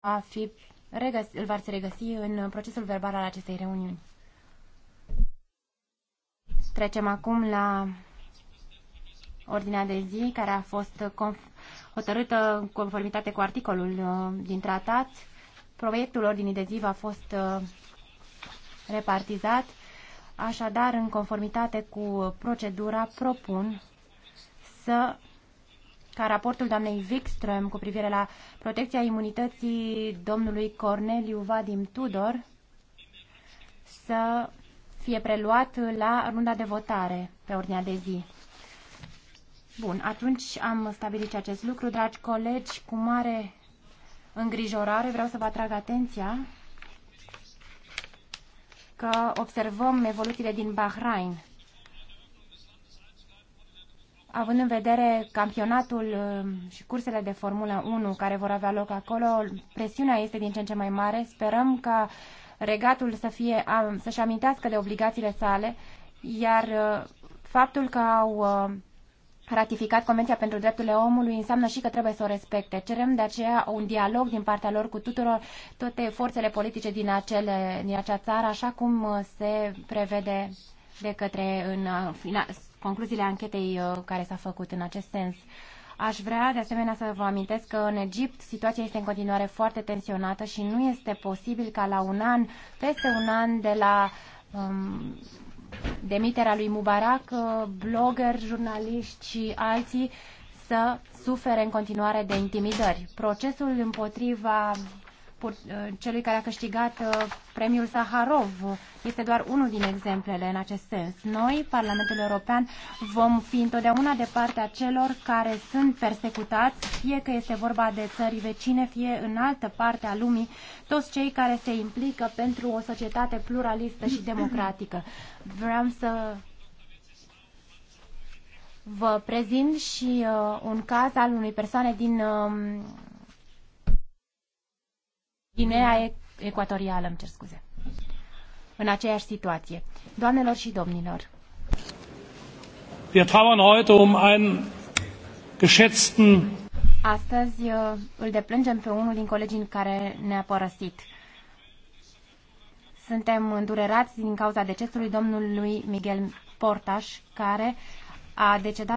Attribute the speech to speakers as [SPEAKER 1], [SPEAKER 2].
[SPEAKER 1] va fi regăs, îl va regăsi în procesul verbal al acestei reuniuni. Trecem acum la ordinea de zi care a fost hotărâtă în conformitate cu articolul uh, din tratat. Proiectul ordinii de zi a fost uh, repartizat. Așadar, în conformitate cu procedura, propun să ca raportul doamnei Wikström cu privire la protecția imunității domnului Corneliu Vadim Tudor să fie preluat la runda de votare pe ordinea de zi. Bun, atunci am stabilit acest lucru. Dragi colegi, cu mare îngrijorare vreau să vă atrag atenția că observăm evoluțiile din Bahrain având în vedere campionatul uh, și cursele de Formula 1 care vor avea loc acolo, presiunea este din ce în ce mai mare. Sperăm ca regatul să fie, să-și amintească de obligațiile sale, iar uh, faptul că au uh, ratificat Convenția pentru Drepturile Omului înseamnă și că trebuie să o respecte. Cerem de aceea un dialog din partea lor cu tuturor, toate forțele politice din, acele, din acea țară, așa cum se prevede de către în final, concluziile anchetei uh, care s-a făcut în acest sens. Aș vrea de asemenea să vă amintesc că în Egipt situația este în continuare foarte tensionată și nu este posibil ca la un an, peste un an de la um, demiterea lui Mubarak, uh, blogger, jurnaliști și alții să sufere în continuare de intimidări. Procesul împotriva Uh, celui care a câștigat uh, premiul Saharov. Este doar unul din exemplele în acest sens. Noi, Parlamentul European, vom fi întotdeauna de partea celor care sunt persecutați, fie că este vorba de țări vecine, fie în altă parte a lumii, toți cei care se implică pentru o societate pluralistă și democratică. Vreau să vă prezint și uh, un caz al unei persoane din uh, Guinea Ecuatorială, îmi cer scuze. În aceeași situație. Doamnelor și domnilor. Wir trauern heute um einen geschätzten Astăzi uh, îl deplângem pe unul din colegii care ne-a părăsit. Suntem îndurerați din cauza decesului domnului Miguel Portaș, care a decedat